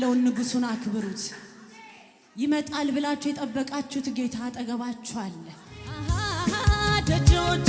ያለውን ንጉሱን አክብሩት። ይመጣል ብላችሁ የጠበቃችሁት ጌታ አጠገባችሁ አለ። ደጆች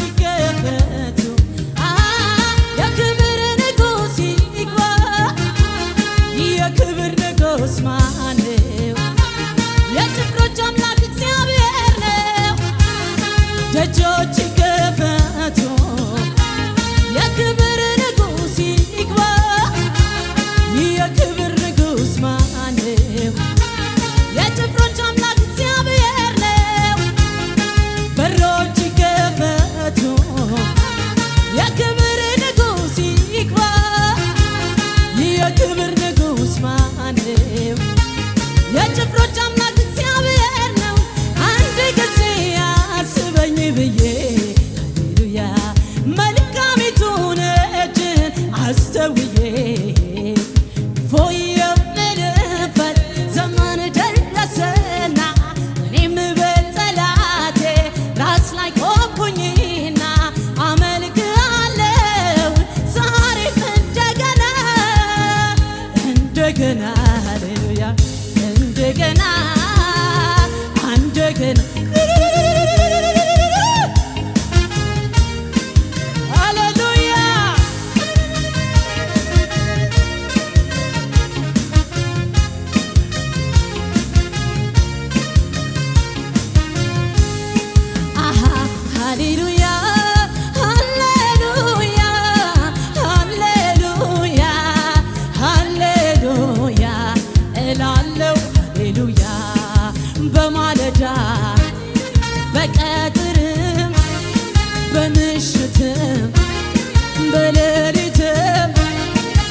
እንደገና እንደገና እንደገና ቀትርም በምሽትም በሌሊትም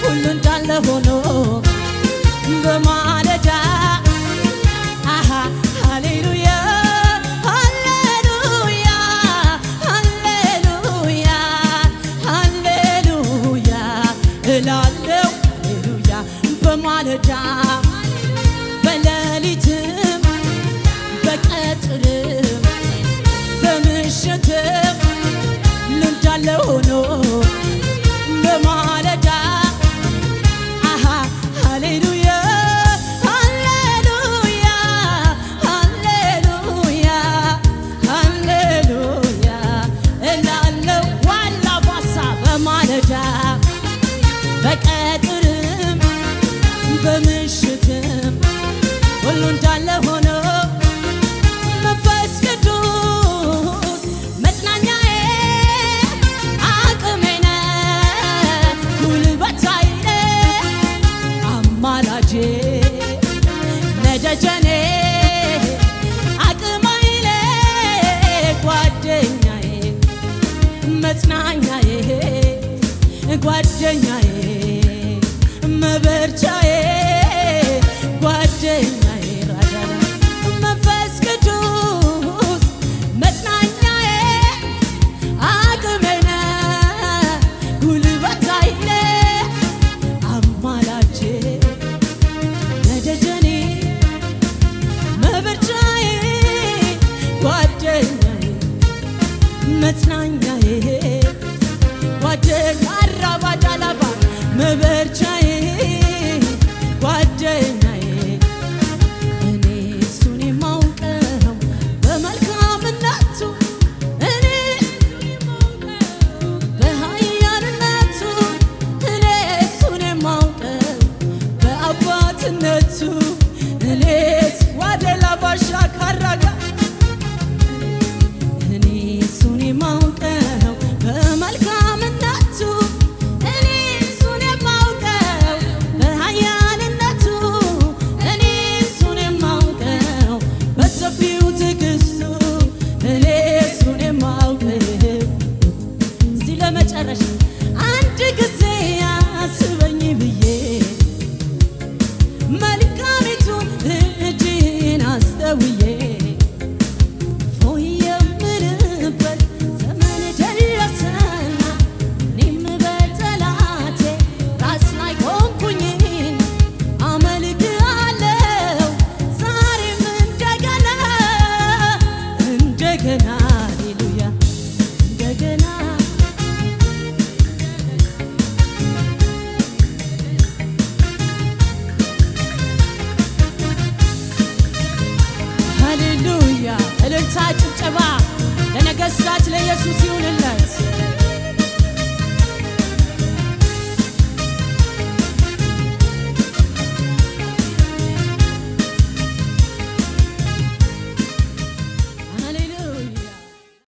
ሁሉ እንዳለ ሆኖ በማለዳ ሃሌሉያ ሃሌሉያ ሃሌሉያ ሃሌሉያ እላለው ሃሌሉያ በማለዳ በቀትርም በምሽትም ሁሉ እንዳለ ሆኖ መንፈስ ቅዱስ መጽናኛዬ ጓደኛዬ መበርቻዬ ጓደኛዬ መንፈስ ቅዱስ መጽናኛዬ አቅሜነ መደጀኔ መበርቻዬ ጓደኛዬ መጽናኛ የጌታ ጭብጨባ ለነገሥታት ለኢየሱስ ይሁንልን።